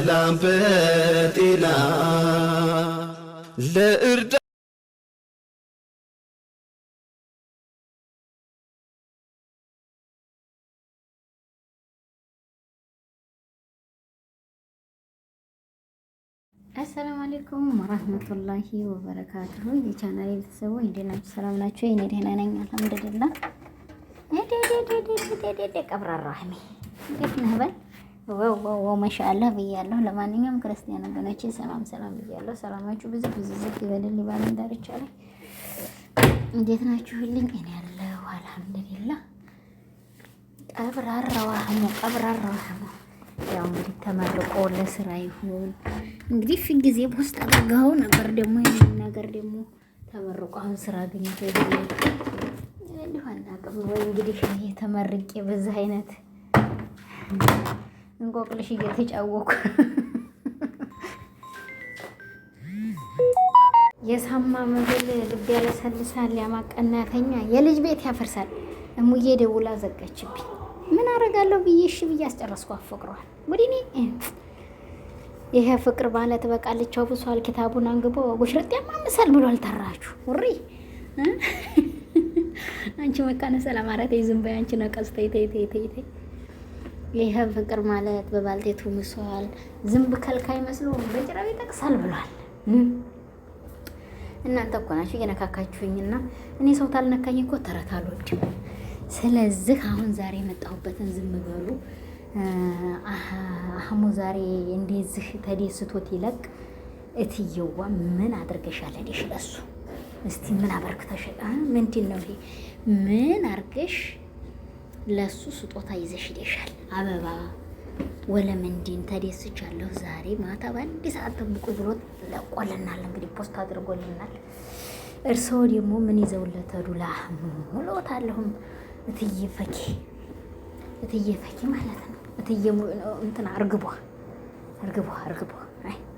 በሰላም በጤና ለእርዳ አሰላሙ አለይኩም ወራህመቱላሂ ወበረካቱሁ። የቻናሌ ቤተሰቦች እንዴት ናችሁ? ሰላም ናችሁ? እኔ ደህና ነኝ አልሐምዱሊላህ። ቀብራራህሜ እንዴት ነህ በል ወወወ ማሻአላህ ብያለሁ። ለማንኛውም ክርስቲያን ወገኖቼ ሰላም ሰላም ብያለሁ። ሰላማችሁ ብዙ ብዙ ዝግ ይበልልኝ። ባለም ዳርቻ ላይ እንዴት ናችሁልኝ? እኔ ያለሁ አልሐምዱሊላህ። ቀብራራው አህሙ ያው እንግዲህ ተመርቆ ለስራ ይሁን እንግዲህ ፊት ጊዜ ውስጥ አድርገው ነበር። ደግሞ ይሄን ነገር ደግሞ ተመርቆ አሁን ስራ አግኝቶ እንዲሁ አናውቅም ወይ እንግዲህ ተመርቄ በዚህ አይነት እንቆቅልሽ እየተጫወኩ የሳማ መብል ልብ ያለሰልሳል፣ ያማቀናተኛ የልጅ ቤት ያፈርሳል። እሙዬ ደውላ ዘጋችብኝ። ምን አደርጋለሁ ብዬ እሺ ብዬ አስጨረስኩ። አፈቅረዋል ወዲኔ ይሄ ፍቅር ማለት በቃልቻው ብሷል። ኪታቡን አንግቦ ጉሽረጥ ያማምሳል ብሎ አልጠራችሁ ውሪ አንቺ መካነ ሰላም አራት ዝም በይ አንቺ ነቀዝ ተይ ተይ ተይ ተይ ይህ ፍቅር ማለት በባልቴቱ ምሷል ዝንብ ከልካይ መስሎ በጭራው ይጠቅሳል ብሏል። እናንተ እኮ ናችሁ እየነካካችሁኝና እኔ ሰው ታልነካኝ እኮ ተረት አልወድም። ስለዚህ አሁን ዛሬ የመጣሁበትን ዝም በሉ። አህሙ ዛሬ እንደዚህ ተደስቶት ይለቅ። እትየዋ ምን አድርገሻል? ለሱ እስቲ ምን አበርክተሽ ምንድን ነው ይሄ ምን አርገሽ ለሱ ስጦታ ይዘሽ ይደሻል። አበባ ወለምንዲን ተደስቻለሁ። ዛሬ ማታ በአንድ ሰዓት ጠብቁ ብሎ ለቆልናል። እንግዲህ ፖስት አድርጎልናል። እርስዎ ደግሞ ምን ይዘውለት ዱላ ሙሎታለሁም እትዬ ፈኪ እትዬ ፈኪ ማለት ነው። እትዬ እንትና እርግቧ እርግቧ እርግቧ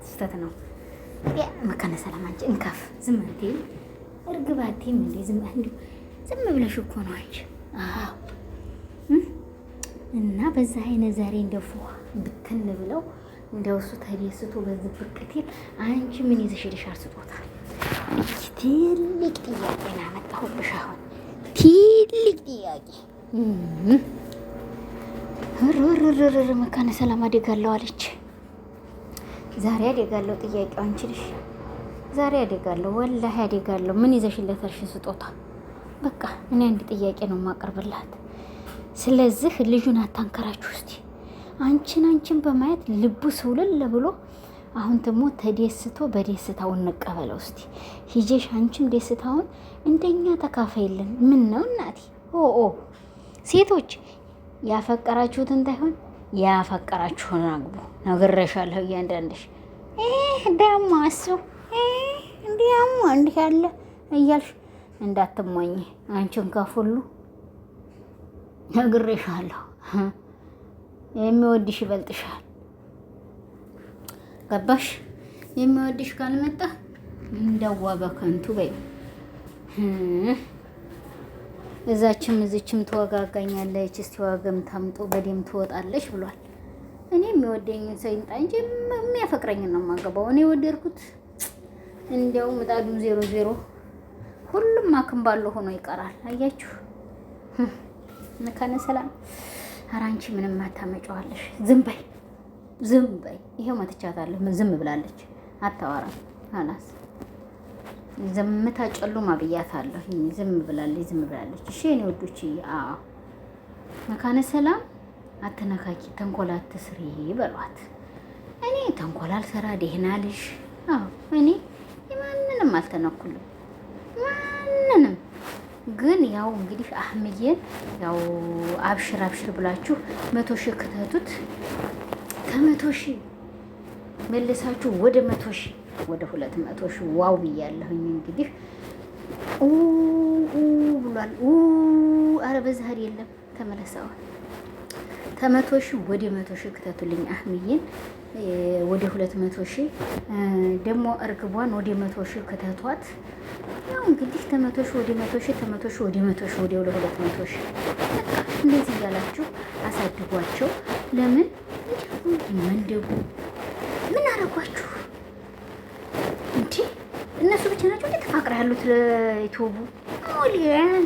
ስህተት ነው። መካነ ሰላም አንቺ እንካፍ ዝም አትይም፣ እርግብ እንዴ? ዝም ብለሽ እኮ ነው አንቺ እና በዛ አይነት ዛሬ እንደ ፏ ብትን ብለው እንደ እሱ ተደስቶ በዚህ ብርቅቴል አንቺ ምን ይዘሽ ሄደሻል? ስጦታ ትልቅ ጥያቄ ነው ያመጣሁብሽ። አሁን ትልቅ ጥያቄ ርርርርር መካነ ሰላም አደጋለሁ አለች። ዛሬ አደጋለሁ ጥያቄው አንቺ ልሽ ዛሬ አደጋለሁ፣ ወላሂ አደጋለሁ። ምን ይዘሽለታልሽ ስጦታ? በቃ እኔ አንድ ጥያቄ ነው የማቀርብላት ስለዚህ ልጁን አታንከራችሁ እስቲ አንቺን አንቺን በማየት ልቡ ስውልል ብሎ አሁን ደግሞ ተደስቶ በደስታው እንቀበለው እስቲ ሂጄሽ አንቺም ደስታውን እንደኛ ተካፋይልን። ምን ነው እናቴ ኦ ሴቶች ያፈቀራችሁትን እንዳይሆን ያፈቀራችሁን አግቡ። ነግሬሻለሁ። እያንዳንድሽ ዳማ አስቡ እንዲያሙ እንዲህ ያለ እያልሽ እንዳትሞኝ አንቺን ከፉሉ ነግሬሻለሁ። የሚወድሽ ይበልጥሻል። ገባሽ? የሚወድሽ ካልመጣ እንደዋ በከንቱ በይ። እዛችም እዚችም ትወጋጋኛለች። እስቲ ዋገም ታምጦ በደም ትወጣለች ብሏል። እኔ የሚወደኝን ሰው ይምጣ እንጂ የሚያፈቅረኝን ነው የማገባው። እኔ የወደድኩት እንዲያው ምጣዱም ዜሮ ዜሮ፣ ሁሉም አክም ባለው ሆኖ ይቀራል። አያችሁ መካነ ሰላም። ኧረ አንቺ ምንም አታመጪዋለሽ። ዝም በይ ዝም በይ። ይሄው መትቻታለሁ። ዝም ብላለች፣ አታወራም። ሀላስ ዝምታ ጨሉማ ብያታለሁ። ዝም ብላለች፣ ዝም ብላለች። እሺ የእኔ ወዶች፣ አዎ መካነ ሰላም አትነካኪ፣ ተንኮል አትስሪ በሏት። እኔ ተንኮል አልሰራ ደህና ልሽ። አዎ እኔ ማንንም አልተነኩልም። ግን ያው እንግዲህ አህምዬን ያው አብሽር አብሽር ብላችሁ መቶ ሺህ ክተቱት ከመቶ ሺህ መልሳችሁ ወደ መቶ ሺህ ወደ ሁለት መቶ ሺህ ዋው ብያለሁኝ። እንግዲህ ኡ ብሏል ኡ አረ በዛህር የለም ተመለሰዋል። ከመቶ ሺህ ወደ መቶ ሺህ ክተቱልኝ አህምዬን ወደ ሁለት መቶ ሺ ደግሞ እርግቧን ወደ መቶ ሺ ክተቷት። ያው እንግዲህ ከመቶ ሺ ወደ መቶ ሺ ከመቶ ሺ ወደ መቶ ሺ ወደ ሁለት መቶ ሺ እንደዚህ እያላችሁ አሳድጓቸው። ለምን መንደጉ ምን አረጓችሁ? እንዴ? እነሱ ብቻ ናቸው እንዴ ተፋቅረ ያሉት ለኢትዮቡ ሞሊያን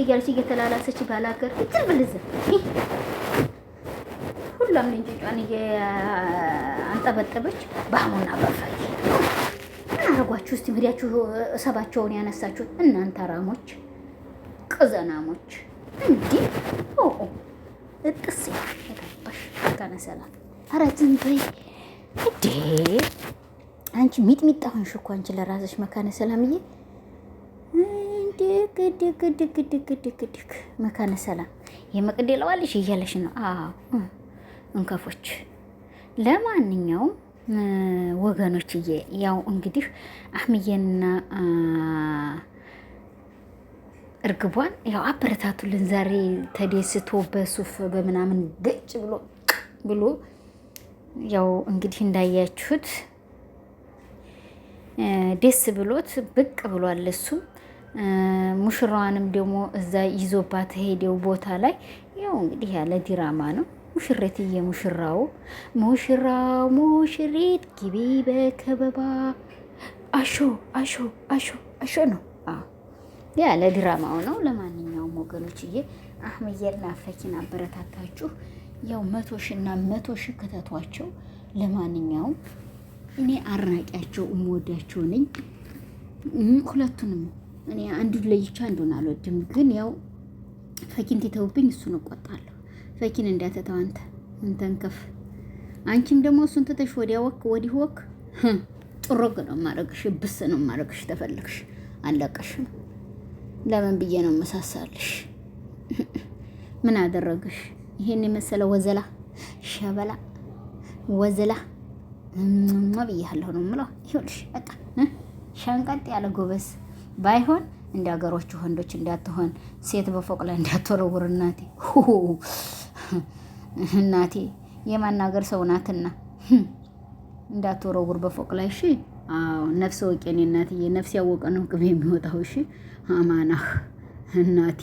እያለች እየተላላሰች ባላገር ፍጭር ብልዝ ሁላም ልንጭጫን አንጠበጠበች በአሞና በፋይ አርጓችሁ ውስጥ ሄዳችሁ እሰባቸውን ያነሳችሁት እናንተ አራሞች ቅዘናሞች እንዲህ እጥስ የታባሽ ከነሰላት ኧረ ዝም በይ እንዴ አንቺ ሚጥሚጣ ሆንሽ እኮ አንቺ ለራስሽ መካነ ሰላምዬ ድግ ድግ ድግ ድግ ድግ መካነ ሰላም የመቅደላዋ ልጅ እያለሽ ነው። አዎ እንከፎች። ለማንኛውም ወገኖችዬ ያው እንግዲህ አህምዬና እርግቧን ያው አበረታቱልን። ዛሬ ተደስቶ በሱፍ በምናምን ገጭ ብሎ ብሎ ያው እንግዲህ እንዳያችሁት ደስ ብሎት ብቅ ብሏል እሱ። ሙሽራዋንም ደግሞ እዛ ይዞባት ሄደው ቦታ ላይ ያው እንግዲህ ያለ ዲራማ ነው። ሙሽሬትዬ ሙሽራው ሙሽራው ሙሽሪት ግቢ በከበባ አሾ አሾ አሾ አሾ ነው ያለ ድራማው ነው። ለማንኛውም ወገኖችዬ አህመየርና ፈኪን አበረታታችሁ ያው መቶ ሺ እና መቶ ሺ ከተቷቸው። ለማንኛውም እኔ አድናቂያቸው እምወዳቸው ነኝ ሁለቱንም እኔ አንዱን ለይቼ አንዱን አልወድም። ግን ያው ፈኪን ትተውብኝ እሱን እቆጣለሁ። ፈኪን እንዳትተው አንተ እንተንከፍ አንቺም ደግሞ እሱን ትተሽ ወዲያ ወክ ወዲህ ወክ ጥሩግ ነው ማረግሽ፣ ብስ ነው ማረግሽ። ተፈልግሽ አለቀሽ ለምን ብዬ ነው መሳሳልሽ? ምን አደረግሽ? ይሄን የመሰለ ወዘላ ሸበላ ወዘላ ማ ብያለሁ ነው ምለው። ይኸውልሽ በቃ ሸንቀጥ ያለ ጎበዝ ባይሆን እንደ ሀገሮቹ ወንዶች እንዳትሆን ሴት በፎቅ ላይ እንዳትወረውር። እናቴ እናቴ የማናገር ሰው ናትና እንዳትወረውር በፎቅ ላይ እሺ። አዎ ነፍስ ወቄን እናትዬ፣ ነፍስ ያወቀ ነው ቅቤ የሚወጣው። እሺ አማናህ እናቴ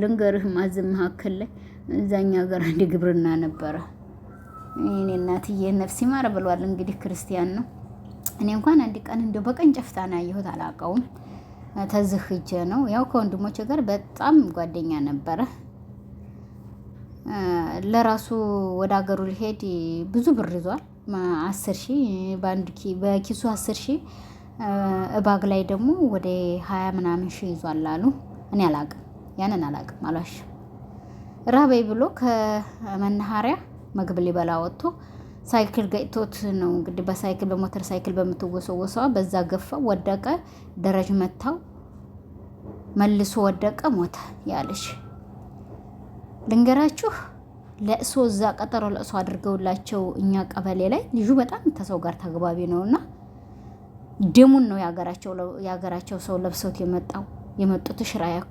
ልንገርህ፣ ማዝም መካከል ላይ እዛኛ ሀገር አንድ ግብርና ነበረ። እኔ እናትዬ ነፍስ ይማር ብሏል። እንግዲህ ክርስቲያን ነው እኔ እንኳን አንድ ቀን እንደ በቀን ጨፍታ ነው ያየሁት፣ አላውቀውም። ተዝህጀ ነው ያው ከወንድሞች ጋር በጣም ጓደኛ ነበረ። ለራሱ ወደ ሀገሩ ሊሄድ ብዙ ብር ይዟል። አስር ሺ በአንድ በኪሱ አስር ሺህ እባግ ላይ ደግሞ ወደ ሀያ ምናምን ሺ ይዟል አሉ። እኔ አላውቅም፣ ያንን አላውቅም። አሏሽ ራበይ ብሎ ከመናኸሪያ ምግብ ሊበላ ወጥቶ ሳይክል ገጭቶት ነው እንግዲህ በሳይክል በሞተር ሳይክል በምትወሰወሰዋ በዛ ገፋ ወደቀ። ደረጅ መታው፣ መልሶ ወደቀ፣ ሞተ። ያለች ልንገራችሁ፣ ለእሶ እዛ ቀጠሮ ለእሶ አድርገውላቸው እኛ ቀበሌ ላይ ልጁ በጣም ተሰው ጋር ተግባቢ ነው እና ደሙን ነው የሀገራቸው ሰው ለብሰውት የመጣው የመጡት ሽራያኩ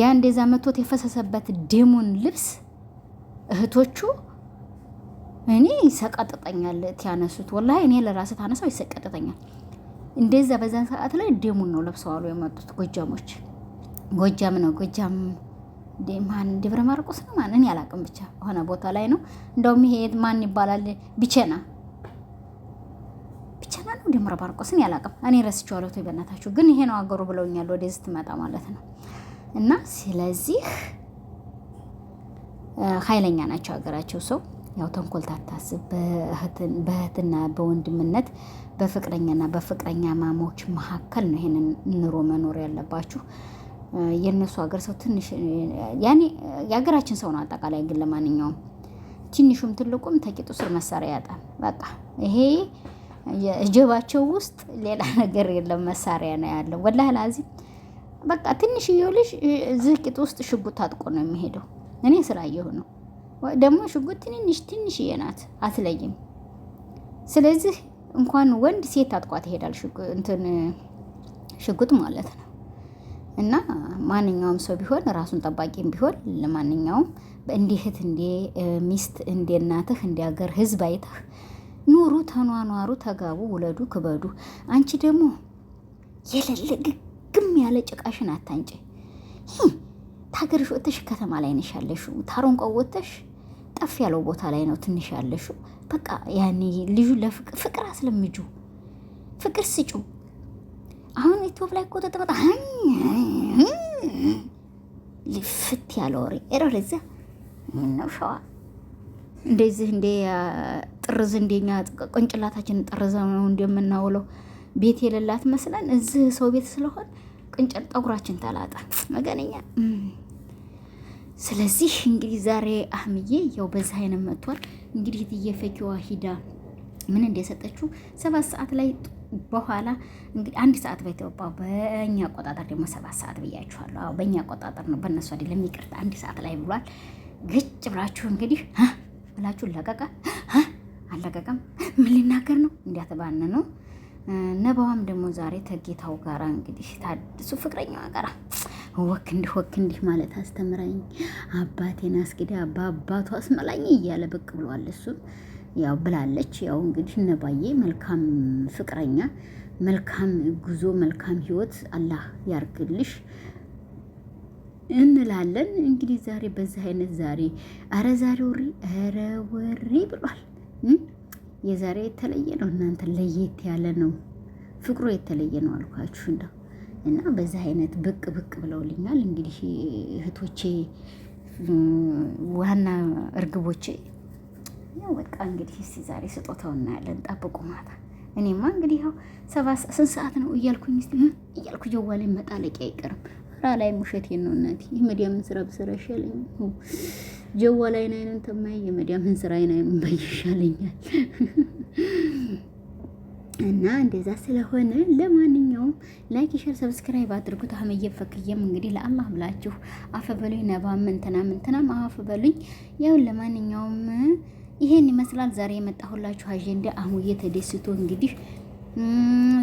ያ እንደዛ መቶት የፈሰሰበት ደሙን ልብስ እህቶቹ እኔ ይሰቀጥጠኛል ቲያነሱት ወላ እኔ ለራሴ ታነሳው ይሰቀጥጠኛል። እንደዛ በዛን ሰዓት ላይ ደሙን ነው ለብሰዋሉ የመጡት ጎጃሞች። ጎጃም ነው ጎጃም ማን ደብረ ማርቆስ ነው ማን እኔ አላውቅም። ብቻ ሆነ ቦታ ላይ ነው። እንደውም ይሄ ማን ይባላል ቢቸና ቢቸና ነው ደብረ ማርቆስን ያላቅም እኔ ረስቼዋለሁ። ተይ በእናታችሁ። ግን ይሄ ነው አገሩ ብለውኛል ወደዚህ ትመጣ ማለት ነው። እና ስለዚህ ኃይለኛ ናቸው ሀገራቸው ሰው ያው ተንኮል ታታስብ በእህትና በወንድምነት በፍቅረኛና በፍቅረኛ ማሞች መካከል ነው ይሄንን ኑሮ መኖር ያለባችሁ። የእነሱ ሀገር ሰው ትንሽ ያኔ የሀገራችን ሰው ነው አጠቃላይ ግን ለማንኛውም ትንሹም ትልቁም ተቂጡ ስር መሳሪያ ያጣል። በቃ ይሄ ጀባቸው ውስጥ ሌላ ነገር የለም፣ መሳሪያ ነው ያለው። ወላሂ ላዚም በቃ ትንሽዬው ልጅ ዝህ ቂጥ ውስጥ ሽጉጥ ታጥቆ ነው የሚሄደው። እኔ ስላየሁ ነው። ደግሞ ሽጉጥ ትንንሽ ትንሽዬ ናት፣ አትለይም። ስለዚህ እንኳን ወንድ ሴት አጥቋት ይሄዳል እንትን ሽጉጥ ማለት ነው። እና ማንኛውም ሰው ቢሆን ራሱን ጠባቂም ቢሆን ለማንኛውም እንደ እህት፣ እንደ ሚስት፣ እንደ እናትህ፣ እንደ ሀገር ህዝብ አይተህ ኑሩ፣ ተኗኗሩ፣ ተጋቡ፣ ውለዱ፣ ክበዱ። አንቺ ደግሞ የሌለ ግግም ያለ ጭቃሽን አታንጭ። ታገርሽ ወጥተሽ ከተማ ላይ ነሽ ያለሽው ታሮንቋ ወጥተሽ ከፍ ያለው ቦታ ላይ ነው ትንሽ ያለሹ። በቃ ያኔ ልዩ ለፍቅር አስለምጁ፣ ፍቅር ስጩ። አሁን ኢትዮፕ ላይ እኮ ተጠመጣ ልፍት ያለ ወሬ ኤሮር እዚያ ነው ሸዋ እንደዚህ እንደ ጥርዝ እንደኛ ቅንጭላታችን ጥርዝ ነው እንደምናውለው ቤት የሌላት መስለን እዚህ ሰው ቤት ስለሆን ቅንጭል ጠጉራችን ተላጠ መገነኛ ስለዚህ እንግዲህ ዛሬ አህምዬ ያው በዚህ አይነት መጥቷል። እንግዲህ እየፈኪዋ ሂዳ ምን እንደሰጠችው ሰባት ሰዓት ላይ በኋላ እንግዲህ አንድ ሰዓት በኢትዮጵያ በእኛ አቆጣጠር ደግሞ ሰባት ሰዓት ብያችኋለሁ። አዎ በእኛ አቆጣጠር ነው፣ በእነሱ አይደለም። ይቅርታ አንድ ሰዓት ላይ ብሏል። ግጭ ብላችሁ እንግዲህ ብላችሁ ለቀቀ አለቀቀም ምን ሊናገር ነው እንዲያተባነ ነው። ነባዋም ደግሞ ዛሬ ተጌታው ጋራ እንግዲህ ታድሱ ፍቅረኛዋ ጋራ ወክ እንዲህ ወክ እንዲህ ማለት አስተምራኝ አባቴን አስግዳ አባ አባቱ አስመላኝ እያለ ብቅ ብሏል። እሱም ያው ብላለች። ያው እንግዲህ እነባዬ መልካም ፍቅረኛ፣ መልካም ጉዞ፣ መልካም ህይወት አላህ ያርግልሽ እንላለን። እንግዲህ ዛሬ በዚህ አይነት ዛሬ አረ ዛሬ ወሪ አረ ወሪ ብሏል። የዛሬ የተለየ ነው። እናንተ ለየት ያለ ነው። ፍቅሩ የተለየ ነው አልኳችሁ እንደው እና በዚህ አይነት ብቅ ብቅ ብለውልኛል። እንግዲህ እህቶቼ ዋና እርግቦቼ ያው በቃ እንግዲህ እስኪ ዛሬ ስጦታው እናያለን። ጠብቁ ማታ። እኔማ እንግዲህ ያው ስንት ሰዓት ነው እያልኩኝ ስ እያልኩ ጀዋሌ መጣለቂ አይቀርም። ራ ላይ ውሸቴን ነው እናቴ። የመዲያምን ስራ ብሰራ ይሻለኝ ጀዋል አይን አይነን ተማይ የመዲያምን ስራ አይን አይኑን ባይ እና እንደዛ ስለሆነ ለማንኛውም ላይክ ሼር ሰብስክራይብ አድርጉት። አህመዬ ፈክየም እንግዲህ ለአላህ ብላችሁ አፈበሉኝ ነባም እንትናም እንትናም አፈበሉኝ። ያው ለማንኛውም ይሄን ይመስላል ዛሬ የመጣሁላችሁ አጀንዳ። አህሙዬ ተደስቶ እንግዲህ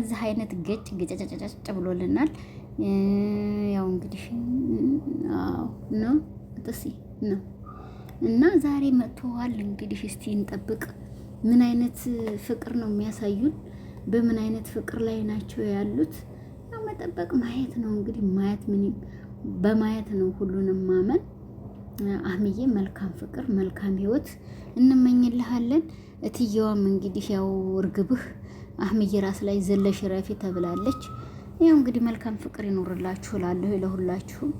እዚህ አይነት ገጭ ገጫጫጫጫ ብሎልናል። ያው እንግዲህ ነው ጥሲ ነው እና ዛሬ መጥተዋል። እንግዲህ እስቲ እንጠብቅ ምን አይነት ፍቅር ነው የሚያሳዩን። በምን አይነት ፍቅር ላይ ናቸው ያሉት? መጠበቅ ማየት ነው እንግዲህ ማየት ምን በማየት ነው ሁሉንም ማመን። አህምዬ መልካም ፍቅር መልካም ህይወት እንመኝልሃለን። እትየዋም እንግዲህ ያው እርግብህ አህምዬ ራስ ላይ ዘለሽ ረፊ ተብላለች። ያው እንግዲህ መልካም ፍቅር ይኖርላችሁ እላለሁ ለሁላችሁም።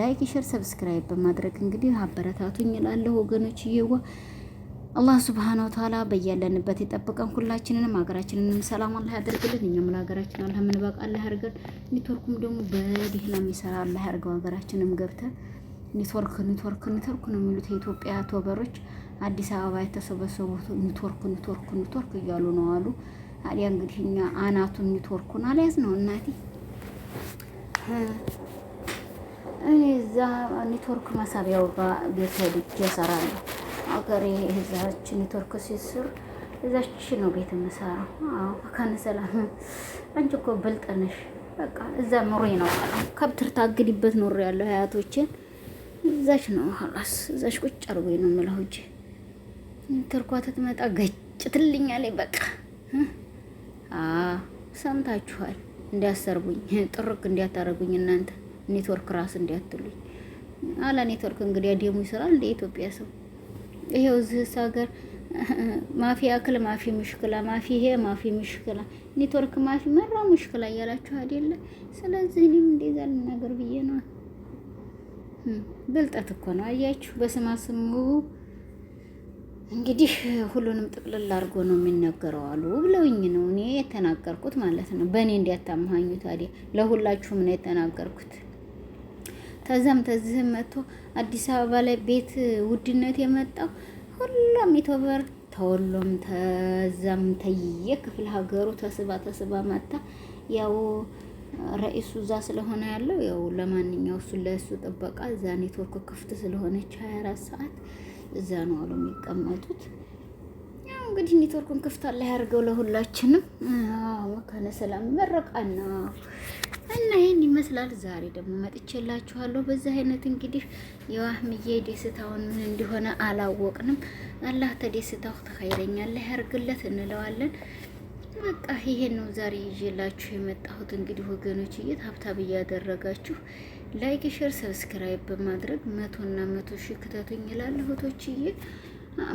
ላይክ፣ ሸር፣ ሰብስክራይብ በማድረግ እንግዲህ አበረታቱኝ እላለሁ ወገኖች እየዋ አላህ ስብሓነ ወተዓላ በያለንበት የጠበቀን ሁላችንንም ሀገራችንንም ሰላም አላህ ያደርግልን። እኛም ለሀገራችን አላህ ምንበቃ አላህ ያርገን። ኔትወርኩም ደግሞ በዲህ ለሚሰራ አላህ ያርገው። ሀገራችንም ገብተን ኔትወርክ ኔትወርክ ኔትወርክ ነው የሚሉት የኢትዮጵያ ቶበሮች አዲስ አበባ የተሰበሰቡት ኔትወርክ ኔትወርክ ኔትወርክ እያሉ ነው አሉ። አዲያ እንግዲህ እኛ አናቱን ኔትወርኩን አልያዝ ነው እናቴ። እኔ እዛ ኔትወርክ መሳቢያው ጋር ቤት ሄድቼ እሰራለሁ ሀገር እዛች ኔትወርክ ሲስር እዛች ነው ቤት የምሰራው። ከነ ሰላም አንቺ እኮ ብልጥ ነሽ። በቃ እዛ ኑሬ ነው ከብት ታግድበት ኖር ያለው አያቶችን እዛች ነው ላስ እዛች ቁጭ አርጎ ነው የምለው እንጂ ገጭ ትትመጣ ላይ በቃ ሰምታችኋል። እንዲያሰርጉኝ ጥርቅ እንዲያታረጉኝ እናንተ ኔትወርክ ራስ እንዲያትሉኝ አላ ኔትወርክ እንግዲህ ደሙ ይስራል እንደ ኢትዮጵያ ሰው ይሄው እዚህስ ሀገር ማፊ አክል ማፊ ሙሽክላ ማፊ ይሄ ማፊ ሙሽክላ ኔትወርክ ማፊ መራ ሙሽክላ እያላችሁ አይደለ? ስለዚህ እኔም እንደዛ ልናገር ብዬ ነው። ብልጠት እኮ ነው አያችሁ። በስማ ስሙ እንግዲህ ሁሉንም ጥቅልል አድርጎ ነው የሚነገረው አሉ ብለውኝ ነው እኔ የተናገርኩት ማለት ነው። በእኔ እንዲያታመሀኙ ታዲያ ለሁላችሁም ነው የተናገርኩት። ተዛም ተዝህም መጥቶ አዲስ አበባ ላይ ቤት ውድነት የመጣው ሁሉም ኢትዮበር ተወሎም ተዛም ተይየ ክፍል ሀገሩ ተስባ ተስባ መጣ። ያው ረኢሱ እዛ ስለሆነ ያለው ያው ለማንኛው እሱ ለእሱ ጥበቃ እዛ ኔትወርክ ክፍት ስለሆነች 24 ሰዓት እዛ ነው አሉ የሚቀመጡት። እንግዲህ ኔትወርኩን ክፍት አለ ያደርገው ለሁላችንም። መካነ ሰላም መረቃና እና ይህን ይመስላል። ዛሬ ደግሞ መጥቼላችኋለሁ። በዚህ አይነት እንግዲህ የዋህምዬ ደስታውን ምን እንደሆነ አላወቅንም። አላህ ተደስታው ተኸይረኛ ላይ ያርግለት እንለዋለን። በቃ ይሄን ነው ዛሬ ይዤላችሁ የመጣሁት። እንግዲህ ወገኖች እየት ሀብታብ እያደረጋችሁ ላይክ፣ ሼር፣ ሰብስክራይብ በማድረግ መቶና መቶ ሺህ ክተቱኝ ይላል እህቶችዬ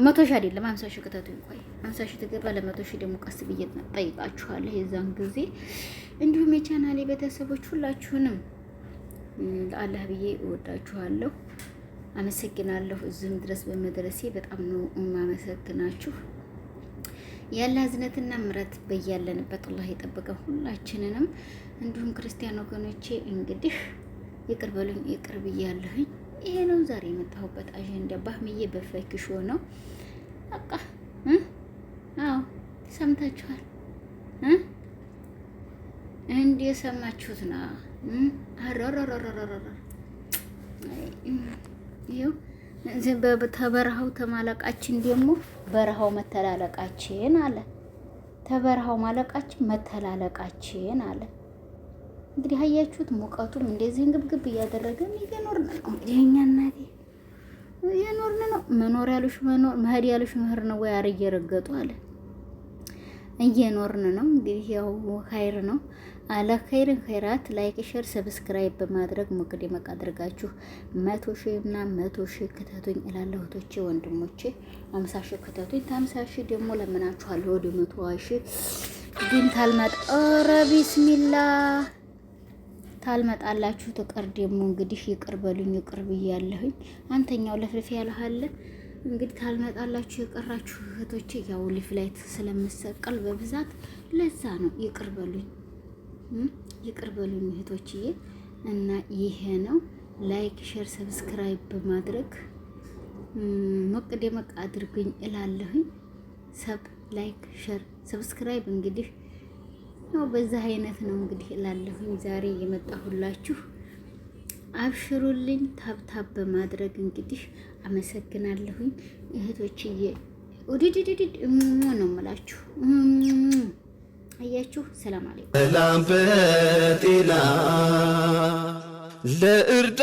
መቶ ሺህ አይደለም ሀምሳ ሺህ ክተቱ ይቆይ ሀምሳ ሺህ ትገባ ለመቶ ሺህ ደግሞ ቀስ ብዬ ጠይቃችኋለሁ የዛን ጊዜ እንዲሁም የቻናሌ ቤተሰቦች ሁላችሁንም ለአላህ ብዬ እወዳችኋለሁ አመሰግናለሁ እዚህም ድረስ በመድረሴ በጣም ነው የማመሰግናችሁ ያለ እዝነትና ምረት በያለንበት አላህ የጠበቀ ሁላችንንም እንዲሁም ክርስቲያን ወገኖቼ እንግዲህ ይቅር በሉኝ ይቅር ብያለሁኝ ይሄ ነው ዛሬ የመጣሁበት አጀንዳ። ባህምዬ በፈኪሾ ነው በቃ። አዎ ሰምታችኋል፣ እንደ የሰማችሁት ነው። ተበረሃው ተማለቃችን ደግሞ በረሃው መተላለቃችን አለ። ተበረሃው ማለቃችን መተላለቃችን አለ። እንግዲህ አያችሁት፣ ሙቀቱም እንደዚህ እንግብግብ እያደረገን እየኖርን ነው። እንግዲህ እኛ እናቴ እየኖርን ነው። መኖር ያሉሽ መኖር፣ መሄድ ያሉሽ መሄድ ነው ወይ አረ እየረገጡ አለ። እየኖርን ነው እንግዲህ ያው ኸይር ነው አለ ኸይርን ኸይራት። ላይክ ሼር ሰብስክራይብ በማድረግ ሞቅድ መቅ አድርጋችሁ መቶ ሺህ እና መቶ ሺህ ክተቱኝ እላለሁ እህቶቼ ወንድሞቼ። አምሳ ሺህ ክተቱኝ ታምሳ ሺህ ደግሞ ለምናችኋለሁ ወደ መቶ ሺህ ግን ታልመጣ ኧረ ቢስሚላህ ካልመጣላችሁ ትቀር ደግሞ እንግዲህ ይቅር በሉኝ፣ ይቅር ብያለሁኝ። አንተኛው ለፍልፍ ያልሃለ እንግዲህ ካልመጣላችሁ የቀራችሁ እህቶቼ ያው ሊፍ ላይ ስለምሰቀል በብዛት ለዛ ነው። ይቅር በሉኝ፣ ይቅር በሉኝ እህቶችዬ። እና ይሄ ነው ላይክ፣ ሼር፣ ሰብስክራይብ በማድረግ ሞቅ ደመቅ አድርጉኝ እላለሁኝ። ሰብ ላይክ፣ ሼር፣ ሰብስክራይብ እንግዲህ ያው በዛ አይነት ነው እንግዲህ እላለሁኝ። ዛሬ የመጣሁላችሁ አብሽሩልኝ ታብታብ በማድረግ እንግዲህ አመሰግናለሁኝ እህቶችዬ። ውድድድድድ ሞ ነው የምላችሁ። አያችሁ፣ ሰላም አለይኩም። ሰላም በጤና ለእርዳ